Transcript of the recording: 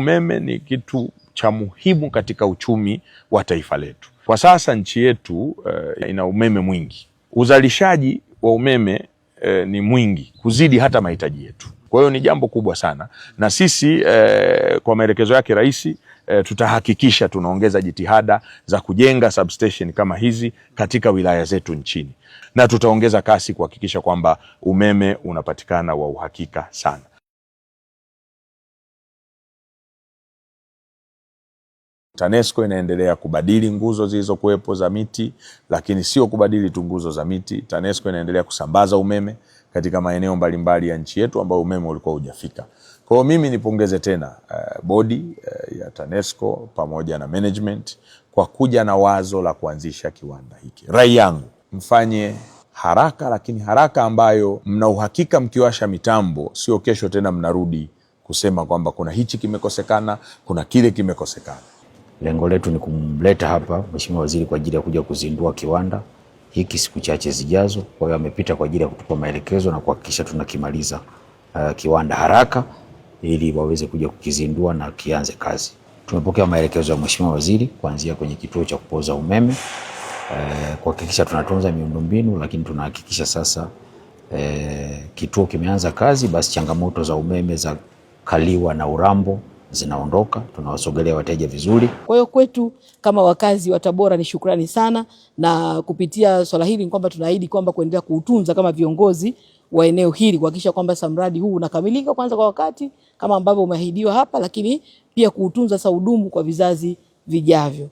Umeme ni kitu cha muhimu katika uchumi wa taifa letu. Kwa sasa nchi yetu uh, ina umeme mwingi, uzalishaji wa umeme uh, ni mwingi kuzidi hata mahitaji yetu. Kwa hiyo ni jambo kubwa sana, na sisi uh, kwa maelekezo yake Rais tutahakikisha tunaongeza jitihada za kujenga substation kama hizi katika wilaya zetu nchini, na tutaongeza kasi kuhakikisha kwamba umeme unapatikana wa uhakika sana. TANESCO inaendelea kubadili nguzo zilizokuwepo za miti, lakini sio kubadili tu nguzo za miti. TANESCO inaendelea kusambaza umeme katika maeneo mbalimbali ya nchi yetu ambayo umeme ulikuwa hujafika. Kwa hiyo mimi nipongeze tena uh, bodi uh, ya TANESCO pamoja na management kwa kuja na wazo la kuanzisha kiwanda hiki. Rai yangu mfanye haraka, lakini haraka ambayo mna uhakika mkiwasha mitambo, sio kesho tena mnarudi kusema kwamba kuna hichi kimekosekana, kuna kile kimekosekana. Lengo letu ni kumleta hapa Mheshimiwa Waziri kwa ajili ya kuja kuzindua kiwanda hiki siku chache zijazo. Kwa hiyo amepita kwa ajili ya kutupa maelekezo na kuhakikisha tunakimaliza uh, kiwanda haraka ili waweze kuja kukizindua na kianze kazi. Tumepokea maelekezo ya Mheshimiwa Waziri kuanzia kwenye kituo cha kupoza umeme uh, kuhakikisha tunatunza miundombinu, lakini tunahakikisha sasa uh, kituo kimeanza kazi, basi changamoto za umeme za Kaliwa na Urambo zinaondoka, tunawasogelea wateja vizuri. Kwa hiyo kwetu kama wakazi wa Tabora ni shukrani sana, na kupitia swala hili ni kwamba tunaahidi kwamba kuendelea kuutunza kama viongozi wa eneo hili kuhakikisha kwamba mradi huu unakamilika kwanza kwa wakati kama ambavyo umeahidiwa hapa, lakini pia kuutunza saudumu kwa vizazi vijavyo.